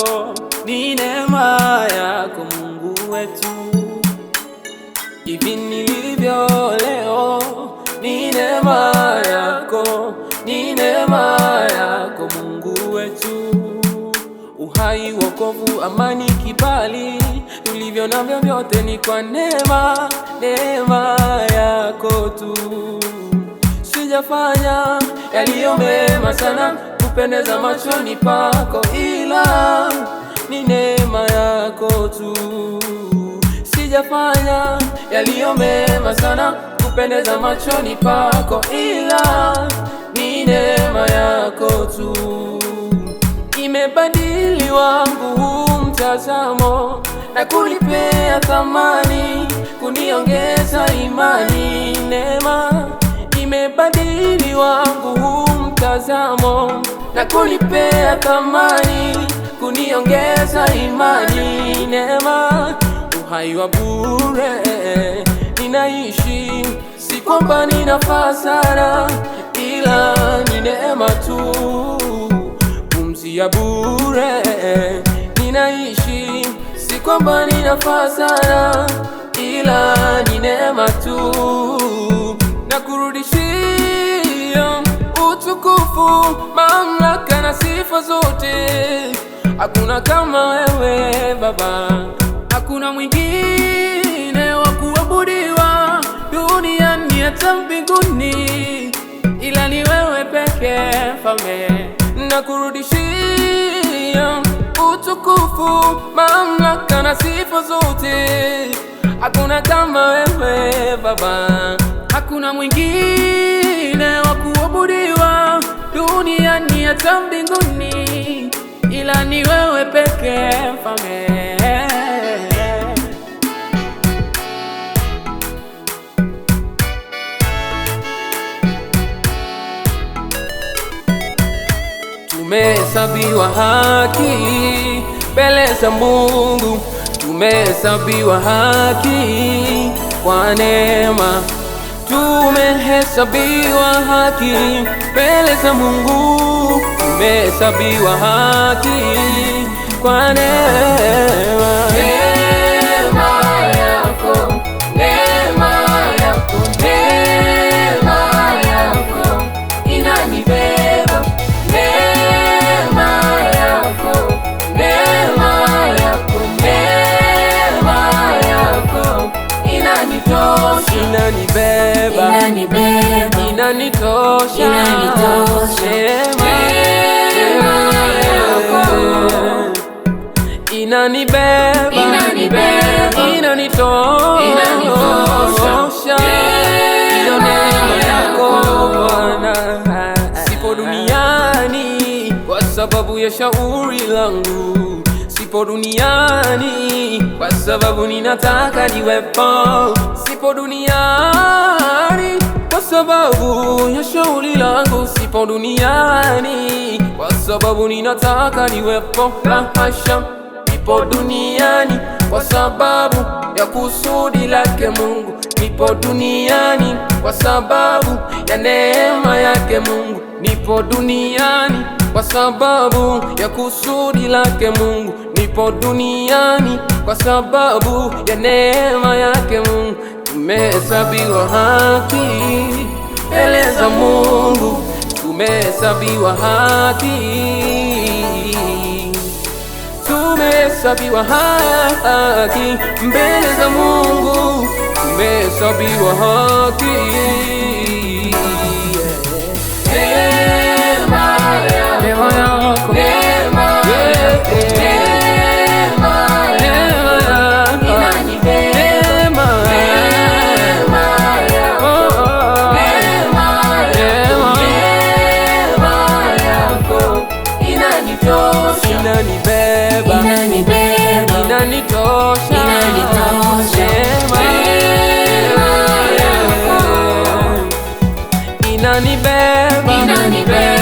yako ni neema yako Mungu wetu. Hivi nilivyo leo ni neema yako, ni neema yako Mungu wetu. Uhai, wokovu, amani, kibali tulivyo navyo vyote ni kwa neema, neema yako tu. Sijafanya yaliyo mema sana kupendeza machoni pako. Mola, ni neema yako tu, sijafanya yaliyo mema sana kupendeza machoni pako, ila ni neema yako tu, imebadili wangu mtazamo na kulipea thamani, kuniongeza imani. Neema imebadili wangu mtazamo na kunipea thamani, kuniongeza imani, neema, uhai wa bure ninaishi, si kwamba ninafaa sana, ila ni neema tu, pumzi ya bure ninaishi, si kwamba ninafaa sana, ila ni neema tu, na kurudishia utukufu, mamlaka na sifa zote, hakuna kama wewe Baba, hakuna mwingine wa kuabudiwa duniani hata mbinguni, ila ni wewe pekee Mfalme. kurudishia utukufu, mamlaka na sifa zote, hakuna kama wewe Baba, hakuna mwingine nimefika mbinguni, ila ni wewe pekee mfalme. Tumehesabiwa haki mbele za Mungu, tumehesabiwa haki kwa neema tumehesabiwa haki mbele za Mungu, tumehesabiwa haki kwa neema inanitosha, inanibeba, inanitosha neema yako Bwana, sipo duniani kwa sababu ya shauri langu Sipo duniani kwa sababu ninataka niwepo, sipo duniani sababu ya shauri langu sipo duniani, kwa sababu ninataka niwepo, la hasha, nipo duniani kwa sababu ya kusudi lake Mungu, nipo duniani kwa sababu ya neema yake Mungu, nipo duniani kwa sababu ya kusudi lake Mungu, nipo duniani kwa sababu ya neema yake Mungu Tumehesabiwa haki mbele za Mungu, tumehesabiwa haki, tumehesabiwa haki mbele za Mungu, tumehesabiwa haki inanibeba, inanibeba, inanitosha, inanitosha. Inanibeba, inanibeba